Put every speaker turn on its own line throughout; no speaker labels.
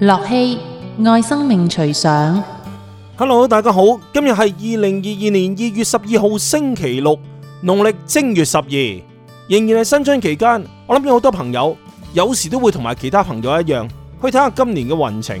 樂器愛生命隨想，Hello，大家好，今日係二零二二年二月十二號星期六，農曆正月十二，仍然係新春期間。我諗住好多朋友，有時都會同埋其他朋友一樣去睇下今年嘅運程。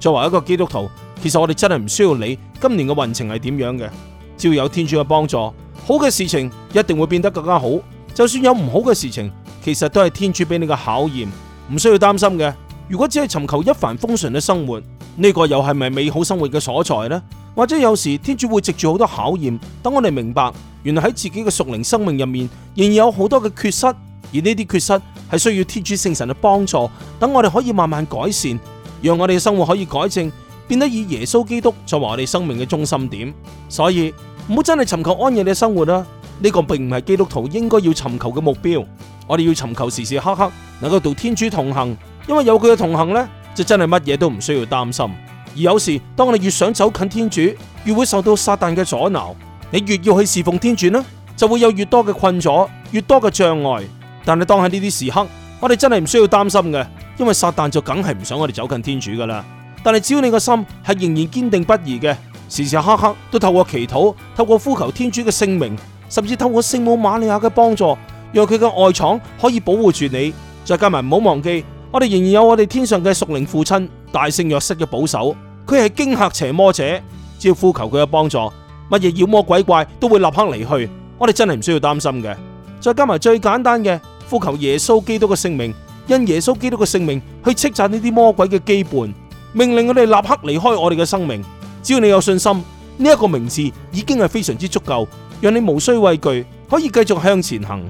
作為一個基督徒，其實我哋真係唔需要理今年嘅運程係點樣嘅，只要有天主嘅幫助，好嘅事情一定會變得更加好。就算有唔好嘅事情，其實都係天主俾你嘅考驗，唔需要擔心嘅。如果只係尋求一帆風順嘅生活，呢個又係咪美好生活嘅所在呢？或者有時天主會藉住好多考驗，等我哋明白，原來喺自己嘅屬靈生命入面，仍然有好多嘅缺失，而呢啲缺失係需要天主聖神嘅幫助，等我哋可以慢慢改善，讓我哋嘅生活可以改正，變得以耶穌基督作為我哋生命嘅中心點。所以唔好真係尋求安逸嘅生活啦，呢個並唔係基督徒應該要尋求嘅目標。我哋要尋求時時刻刻能夠同天主同行，因為有佢嘅同行呢，就真係乜嘢都唔需要擔心。而有時，當你越想走近天主，越會受到撒旦嘅阻撓。你越要去侍奉天主呢，就會有越多嘅困阻，越多嘅障礙。但係當喺呢啲時刻，我哋真係唔需要擔心嘅，因為撒旦就梗係唔想我哋走近天主噶啦。但係只要你個心係仍然堅定不移嘅，時時刻刻都透過祈禱、透過呼求天主嘅聖名，甚至透過聖母瑪利亞嘅幫助。若佢嘅外廠可以保護住你，再加埋唔好忘記，我哋仍然有我哋天上嘅屬靈父親大聖若瑟嘅保守。佢係驚嚇邪魔者，只要呼求佢嘅幫助，乜嘢妖魔鬼怪都會立刻離去。我哋真係唔需要擔心嘅。再加埋最簡單嘅，呼求耶穌基督嘅聖名，因耶穌基督嘅聖名去斥責呢啲魔鬼嘅基伴，命令佢哋立刻離開我哋嘅生命。只要你有信心，呢一個名字已經係非常之足夠，讓你無需畏懼，可以繼續向前行。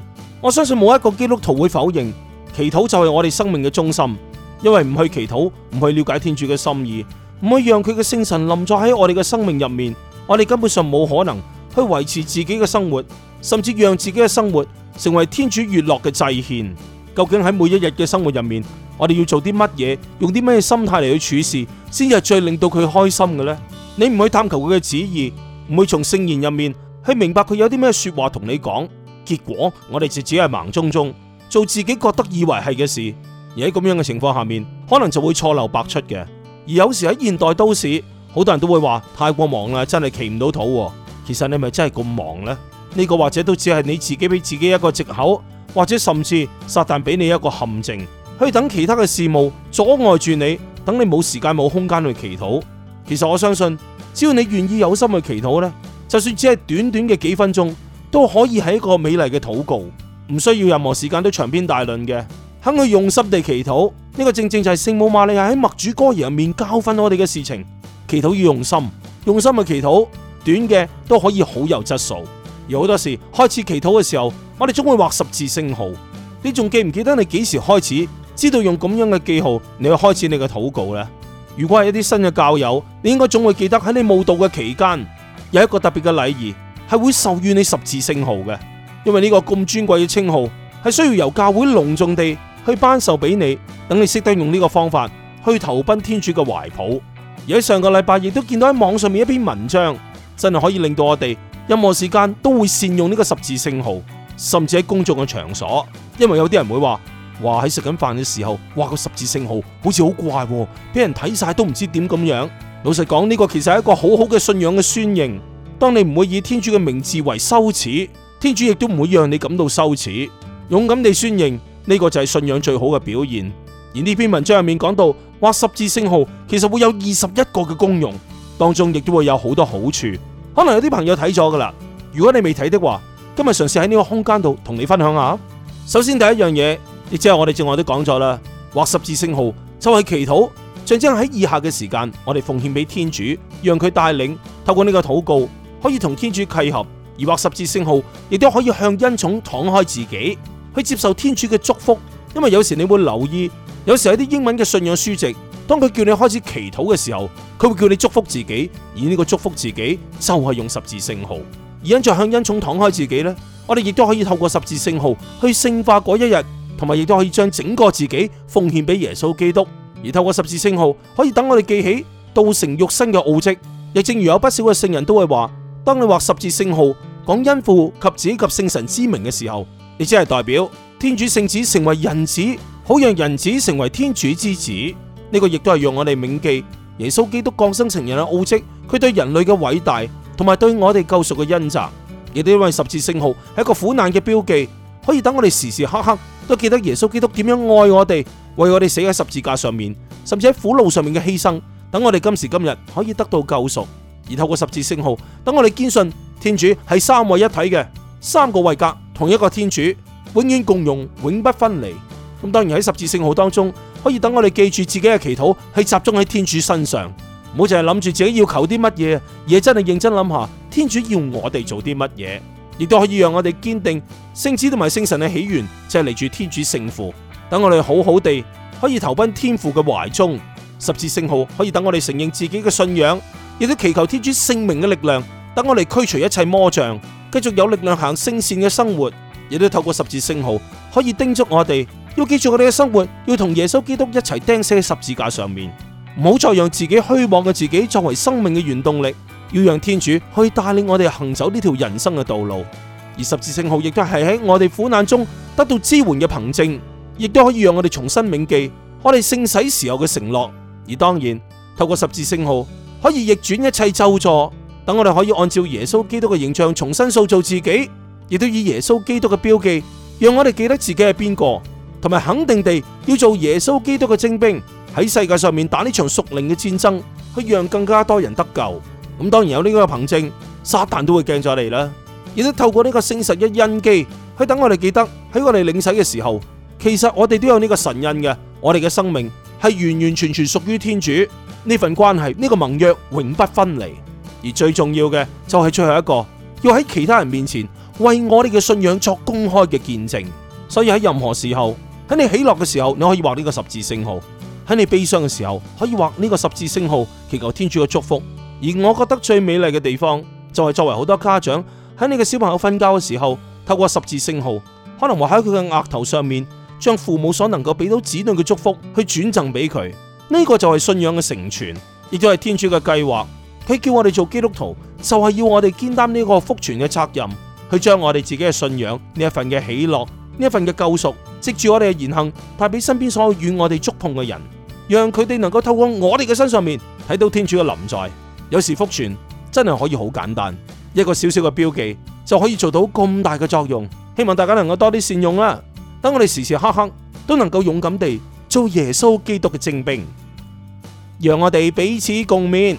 我相信冇一個基督徒會否認祈禱就係我哋生命嘅中心，因為唔去祈禱，唔去了解天主嘅心意，唔會讓佢嘅聖神臨在喺我哋嘅生命入面，我哋根本上冇可能去維持自己嘅生活，甚至讓自己嘅生活成為天主悅樂嘅祭獻。究竟喺每一日嘅生活入面，我哋要做啲乜嘢，用啲咩心態嚟去處事，先至係最令到佢開心嘅咧？你唔去探求佢嘅旨意，唔會從聖言入面去明白佢有啲咩說話同你講。結果我哋就只係盲中中做自己覺得以為係嘅事，而喺咁樣嘅情況下面，可能就會錯漏百出嘅。而有時喺現代都市，好多人都會話太過忙啦，真係祈唔到禱。其實你咪真係咁忙呢？呢、呢個或者都只係你自己俾自己一個借口，或者甚至撒旦俾你一個陷阱，去等其他嘅事務阻礙住你，等你冇時間冇空間去祈禱。其實我相信，只要你願意有心去祈禱呢，就算只係短短嘅幾分鐘。都可以係一個美麗嘅禱告，唔需要任何時間都長篇大論嘅，肯去用心地祈禱。呢個正正就係聖母瑪利亞喺默主哥耶入面教訓我哋嘅事情。祈禱要用心，用心去祈禱，短嘅都可以好有質素。而好多時開始祈禱嘅時候，我哋總會畫十字聖號。你仲記唔記得你幾時開始知道用咁樣嘅記號，你去開始你嘅禱告呢？如果係一啲新嘅教友，你應該總會記得喺你慕道嘅期間有一個特別嘅禮儀。係會授予你十字聖號嘅，因為呢個咁尊貴嘅稱號係需要由教會隆重地去頒授俾你，等你識得用呢個方法去投奔天主嘅懷抱。而喺上個禮拜亦都見到喺網上面一篇文章，真係可以令到我哋任何時間都會善用呢個十字聖號，甚至喺公眾嘅場所。因為有啲人會話哇，喺食緊飯嘅時候，畫個十字聖號好似好怪喎，俾人睇晒都唔知點咁樣。老實講，呢、呢個其實係一個好好嘅信仰嘅宣認。當你唔會以天主嘅名字為羞恥，天主亦都唔會讓你感到羞恥。勇敢地宣認呢、這個就係信仰最好嘅表現。而呢篇文章入面講到畫十字聖號，其實會有二十一個嘅功用，當中亦都會有好多好處。可能有啲朋友睇咗噶啦，如果你未睇的話，今日嘗試喺呢個空間度同你分享下。首先第一樣嘢，亦即係我哋正話都講咗啦，畫十字聖號就係、是、祈禱，象徵喺以下嘅時間，我哋奉獻俾天主，讓佢帶領，透過呢個禱告。可以同天主契合，而畫十字聖號，亦都可以向恩寵敞開自己，去接受天主嘅祝福。因為有時你會留意，有時喺啲英文嘅信仰書籍，當佢叫你開始祈禱嘅時候，佢會叫你祝福自己，而呢個祝福自己就係用十字聖號，而因着向恩寵敞開自己呢，我哋亦都可以透過十字聖號去聖化嗰一日，同埋亦都可以將整個自己奉獻俾耶穌基督。而透過十字聖號，可以等我哋記起道成肉身嘅奧迹，亦正如有不少嘅聖人都會話。當你畫十字聖號，講恩父及子及聖神之名嘅時候，你即係代表天主聖子成為人子，好讓人子成為天主之子。呢個亦都係讓我哋銘記耶穌基督降生成人嘅奧跡，佢對人類嘅偉大，同埋對我哋救贖嘅恩澤。亦都因為十字聖號係一個苦難嘅標記，可以等我哋時時刻刻都記得耶穌基督點樣愛我哋，為我哋死喺十字架上面，甚至喺苦路上面嘅犧牲，等我哋今時今日可以得到救贖。而透過十字聖號，等我哋堅信天主係三位一體嘅，三個位格同一個天主，永遠共融，永不分離。咁當然喺十字聖號當中，可以等我哋記住自己嘅祈禱係集中喺天主身上，唔好淨係諗住自己要求啲乜嘢，而係真係認真諗下天主要我哋做啲乜嘢，亦都可以讓我哋堅定聖子同埋聖神嘅起源，即係嚟自天主聖父。等我哋好好地可以投奔天父嘅懷中，十字聖號可以等我哋承認自己嘅信仰。亦都祈求天主聖名嘅力量，等我哋驅除一切魔障，繼續有力量行聖善嘅生活。亦都透過十字聖號，可以叮囑我哋要記住我哋嘅生活，要同耶穌基督一齊釘死喺十字架上面，唔好再讓自己虛妄嘅自己作為生命嘅原動力。要讓天主去帶領我哋行走呢條人生嘅道路，而十字聖號亦都係喺我哋苦難中得到支援嘅憑證，亦都可以讓我哋重新銘記我哋聖洗時候嘅承諾。而當然透過十字聖號，可以逆轉一切咒詛，等我哋可以按照耶穌基督嘅形象重新塑造自己，亦都以耶穌基督嘅標記，讓我哋記得自己係邊個，同埋肯定地要做耶穌基督嘅精兵，喺世界上面打呢場屬靈嘅戰爭，去讓更加多人得救。咁當然有呢個憑證，撒旦都會驚咗你啦。亦都透過呢個聖神印記，去等我哋記得喺我哋領洗嘅時候，其實我哋都有呢個神印嘅，我哋嘅生命係完完全全屬於天主。呢份關係呢個盟約永不分離，而最重要嘅就係最後一個，要喺其他人面前為我哋嘅信仰作公開嘅見證。所以喺任何時候，喺你喜樂嘅時候，你可以畫呢個十字星號；喺你悲傷嘅時候，可以畫呢個十字星號，祈求天主嘅祝福。而我覺得最美麗嘅地方，就係作為好多家長喺你嘅小朋友瞓覺嘅時候，透過十字星號，可能畫喺佢嘅額頭上面，將父母所能夠俾到子女嘅祝福去轉贈俾佢。呢個就係信仰嘅成全，亦都係天主嘅計劃。佢叫我哋做基督徒，就係要我哋肩擔呢個福傳嘅責任，去將我哋自己嘅信仰呢一份嘅喜樂、呢一份嘅救贖，藉住我哋嘅言行派俾身邊所有與我哋觸碰嘅人，讓佢哋能夠透過我哋嘅身上面睇到天主嘅臨在。有時福傳真係可以好簡單，一個小小嘅標記就可以做到咁大嘅作用。希望大家能夠多啲善用啦，等我哋時時刻刻都能夠勇敢地做耶穌基督嘅精兵。讓我哋彼此共勉。